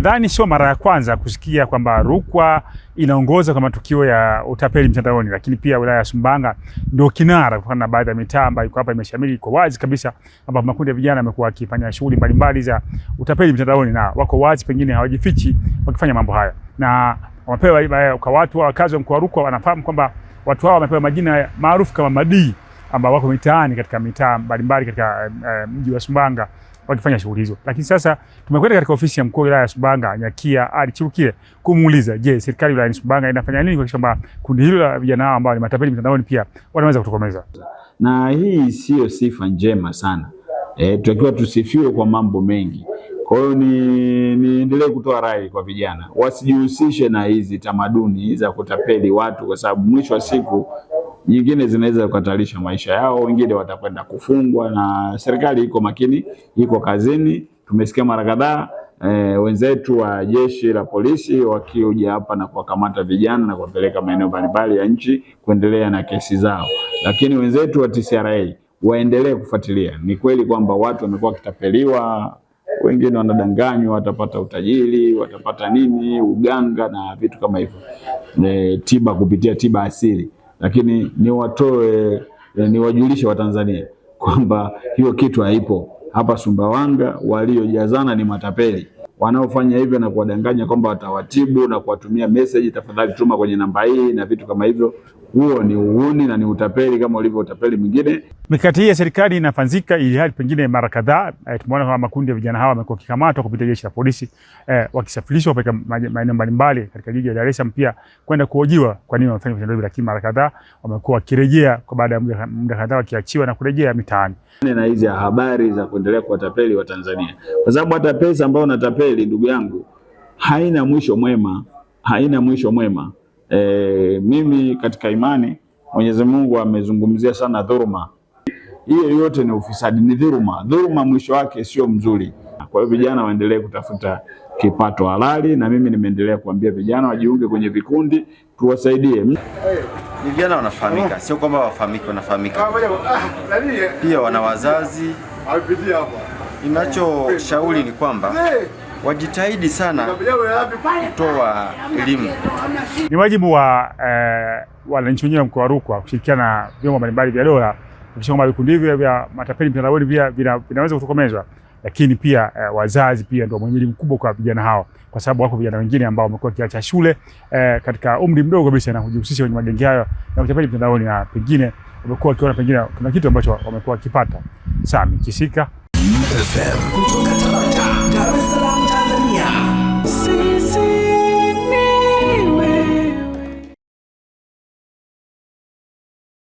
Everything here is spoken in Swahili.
Nadhani sio mara ya kwanza kusikia kwamba Rukwa inaongoza kwa matukio ya utapeli mtandaoni, lakini pia wilaya ya Sumbanga ndio kinara kutokana na baadhi ya mitaa ambayo iko hapa imeshamiri, iko wazi kabisa, ambapo makundi ya vijana yamekuwa akifanya shughuli mbalimbali za utapeli mtandaoni na wako wazi, pengine hawajifichi wakifanya mambo haya, na wamepewa kwa watu wa wakazi wa mkoa wa Rukwa wanafahamu kwamba watu hao wamepewa majina maarufu kama madii ambao wako mitaani katika mitaa mbalimbali katika uh, um, wa Sumbanga wakifanya shughuli hizo. Lakini sasa tumekwenda katika ofisi ya mkuu wa wilaya ya Sumbawanga Nyakia Ali kumuuliza, je, serikali ya Sumbawanga inafanya nini kuhakikisha kwamba kundi hilo la vijana hao ambao ni matapeli mitandaoni pia wanaweza kutokomeza? Na hii siyo sifa njema sana e, tutakiwa tusifiwe kwa mambo mengi. Kwa hiyo ni niendelee kutoa rai kwa vijana wasijihusishe na hizi tamaduni za kutapeli watu, kwa sababu mwisho wa siku nyingine zinaweza kukatalisha maisha yao, wengine watakwenda kufungwa, na serikali iko makini, iko kazini. Tumesikia mara kadhaa e, wenzetu wa jeshi la polisi wakiuja hapa na kuwakamata vijana na kuwapeleka maeneo mbalimbali ya nchi kuendelea na kesi zao, lakini wenzetu wa TCRA waendelee kufuatilia. Ni kweli kwamba watu wamekuwa wakitapeliwa, wengine wanadanganywa, watapata utajiri, watapata nini, uganga na vitu kama hivyo, e, tiba kupitia tiba asili lakini niwatoe eh, niwajulishe Watanzania kwamba hiyo kitu haipo hapa. Sumbawanga waliojazana ni matapeli wanaofanya hivyo na kuwadanganya kwamba watawatibu na kuwatumia message, tafadhali tuma kwenye namba hii na vitu kama hivyo, huo ni uhuni na ni utapeli kama ulivyo utapeli mwingine. Mikakati hii ya serikali inafanzika, ili hali pengine mara kadhaa eh, tumeona kama makundi ya vijana hawa wamekuwa kikamatwa kupitia jeshi la polisi eh, wakisafirishwa katika maeneo mbalimbali katika jiji la Dar es Salaam pia kwenda kuhojiwa kwa nini wamefanya vitendo hivyo, lakini mara kadhaa wamekuwa wakirejea kwa baada ya muda kadhaa wakiachiwa na kurejea mitaani na hizi habari za kuendelea kuwatapeli Watanzania kwa sababu hata pesa ambayo unatapeli kweli ndugu yangu, haina mwisho mwema, haina mwisho mwema. E, mimi katika imani Mwenyezi Mungu amezungumzia sana dhuruma. Hiyo yote ni ufisadi, ni dhuruma. Dhuruma mwisho wake sio mzuri. Kwa hiyo vijana waendelee kutafuta kipato halali, na mimi nimeendelea kuambia vijana wajiunge kwenye vikundi tuwasaidie. Vijana wanafahamika, sio kwamba wafahamiki, wanafahamika ah, ah, pia, wana wazazi. Inachoshauri ni kwamba wajitahidi sana kutoa elimu. Ni wajibu wa eh, wananchi wenyewe mkoa wa Rukwa kushirikiana na vyombo mbalimbali vya dola kuhakikisha kwamba vikundi hivyo vya matapeli mtandaoni pia vinaweza kutokomezwa, lakini pia eh, wazazi pia ndio muhimili mkubwa kwa vijana hao, kwa sababu wako vijana wengine ambao wamekuwa kiacha shule eh, katika umri mdogo kabisa na kujihusisha kwenye magenge hayo na utapeli mtandaoni, na pengine wamekuwa wakiona pengine kuna kitu ambacho wamekuwa wakipata. Sami Kisika FM.